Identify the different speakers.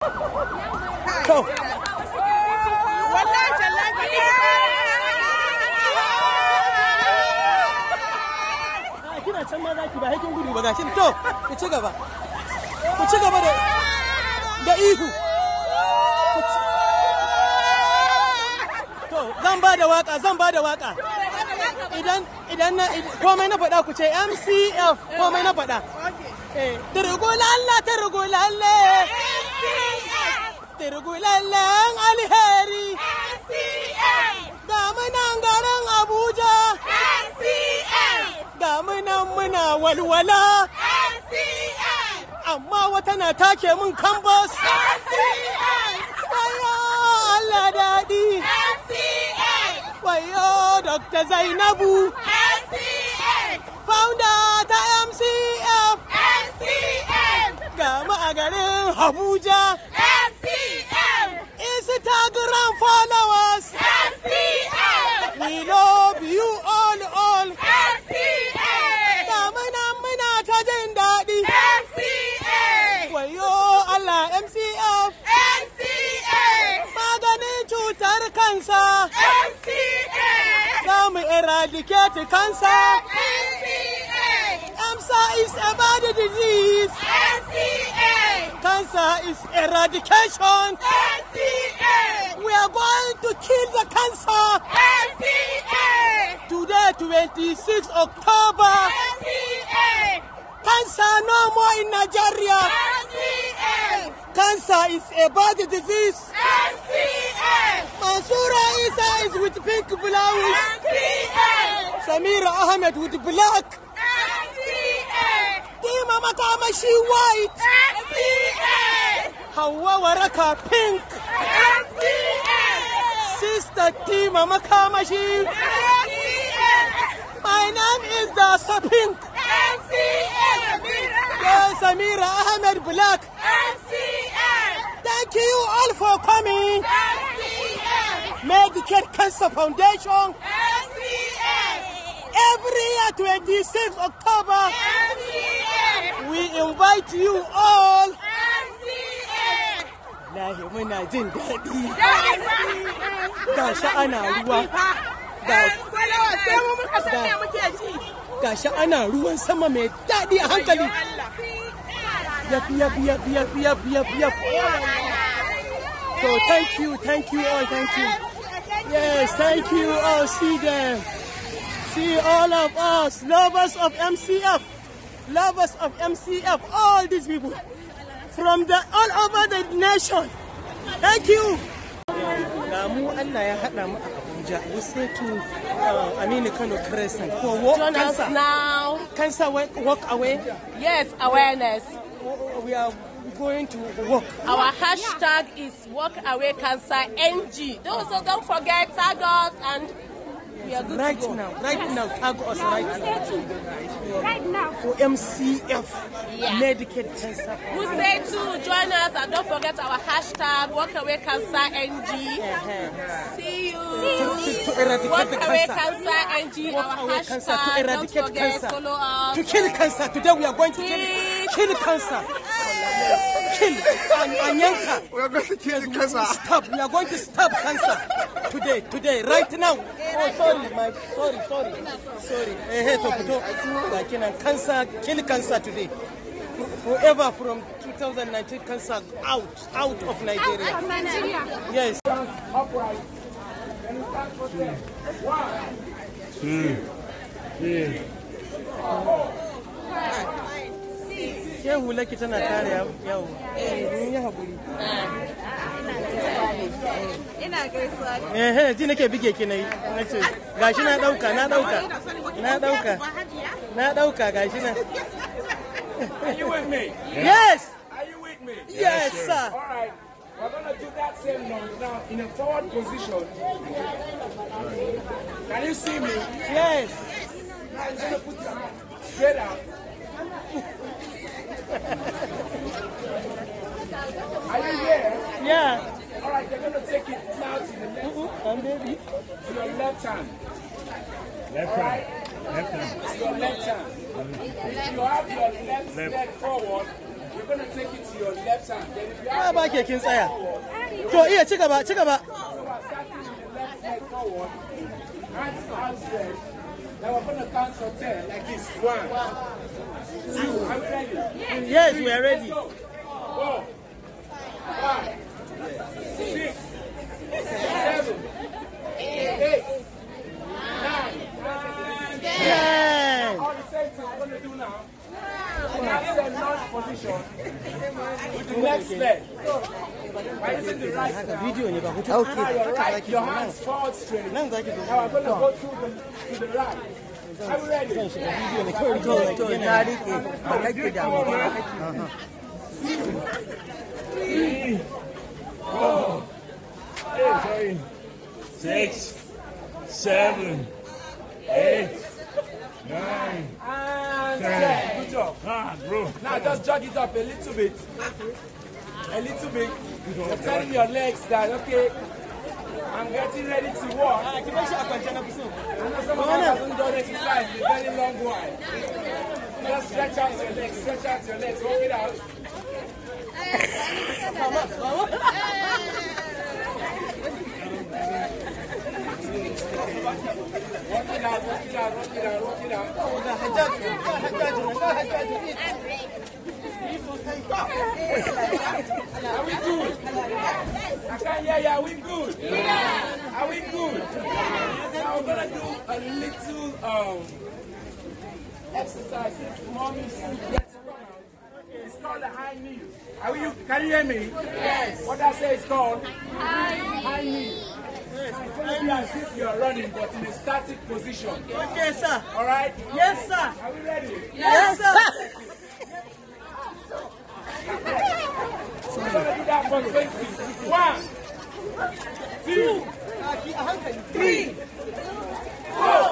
Speaker 1: kina to ku ci gaba ku ci gaba da da ihu to zan ba da waka zan ba da waka idan idan na komai na faɗa ku ce MCF komai na faɗa eh ta ta Shirgulallen alheri. NCA. Damunan garin Abuja. NCA. Damunan muna walwala. NCA. Amma wata na take mun kambas. NCA. Allah daɗi. NCA. Wayo Dr. Zainabu. NCA. Founder ta MCF. NCA. Ga a garin Abuja. followers. MCA. We love you all, all. MCA. Na muna muna ta jin daɗi. MCA. you Allah MCF. MCA. Maganin cutar kansa. MCA. Za mu eradicate kansa. MCA. Cancer is about the disease. MCA. Cancer is eradication. MCA are going to kill the cancer. MPA. Today, 26 October. MPA. Cancer no more in Nigeria. MPA. Cancer is a bad disease. MPA. Mansoura Isa is with pink blouse. MPA. Samira Ahmed with black. MPA. Dima she white. MPA. Hawa Waraka, pink. Mr. Makamashi. My name is the Sapink. Samira Ahmed Black. MCM. Thank you all for coming. MCM. Medicare Cancer Foundation. MCM. Every year, 26 October, MCM. we invite you all muna jin
Speaker 2: ana ruwa
Speaker 1: ga ana ruwan sama mai a hankali so thank you thank you all thank you yes thank you all see them see all of us lovers of mcf lovers of mcf all these people from the all over the nation. Thank you. mu Allah ya haɗa mu Abuja, we say to uh, Kano Crescent walk Join Us now. Cancer walk away? Yes, awareness. We are going to walk. Our hashtag is walk away cancer NG. Those who don't forget, tag us and
Speaker 2: we are good right now, right
Speaker 1: yes. now, tag us yeah, right now. Right now. For MCF yeah. Medicaid Cancer. Who say to join us and don't forget our hashtag WalkAwayCancerNG. Yeah. Uh-huh. See you. See you. To, to eradicate Walk the cancer. NG. Walk our hashtag. Cancer, to eradicate don't forget, cancer. Follow us. To kill cancer. Today we are going to kill, kill cancer kill Anyanka. We are going to kill the cancer. Stop. We are going to stop cancer today, today, right now. Oh, sorry, my, sorry, sorry, sorry. Eh, Tokuto, cancer, kill cancer today. Forever from 2019, cancer out, out of Nigeria. Out of Nigeria. Yes. Upright. Mm. Mm. Yeah. Ke hula ki tana kare yau. Mun yi haƙuri. Ina gaisuwa. Eh, ji nake bige ki nayi. Nace gashi na dauka, na dauka. Na dauka. Na dauka gashi na. Yes. Yes, sir. All right. We're going to do that same note now in a forward position. Can you see me? Yes. yes. Now you're going to put your hand straight Are you Yeah. All they you're going to take it now to the left. Mm -hmm. baby. To your left hand. Left hand. Right. Left hand. To your left hand. If you have your left, left. leg forward, you're going to take it to your left hand. Then if you have ah, your left leg forward, here, check about, check about. So we're the left leg forward, hands to hands Now we're gonna count from ten like this. One, two. Are we ready? Yes, we are ready. Four, five. Why isn't it right Video in your okay. right. Your hands forward straight. Now I'm going to go through the, to the right. I'm ready. Yeah. Three, four, eight, six, seven, eight, nine, and ten. Good job. Ah, bro. Now just jog it up a little bit. a little bit. You're telling your legs that, okay, I'm getting ready to walk. I know some of us haven't done exercise for a very long while. Just stretch out your legs, stretch out your legs, walk it out. Walk it out, walk it out, walk it out, walk it out. Are we good? I can't hear you. Are we good? Yeah. Are we good? Yeah. Now we're gonna do a little um exercise. Mommy gets around. It's called a high knee. Are you? Can you hear me? Yes. What I say is called high, high knee. Maybe as if you are running, but in a static position. Okay, sir. All right. Yes, sir. Are we ready? Yes, yes sir. follow. One, two, three, four.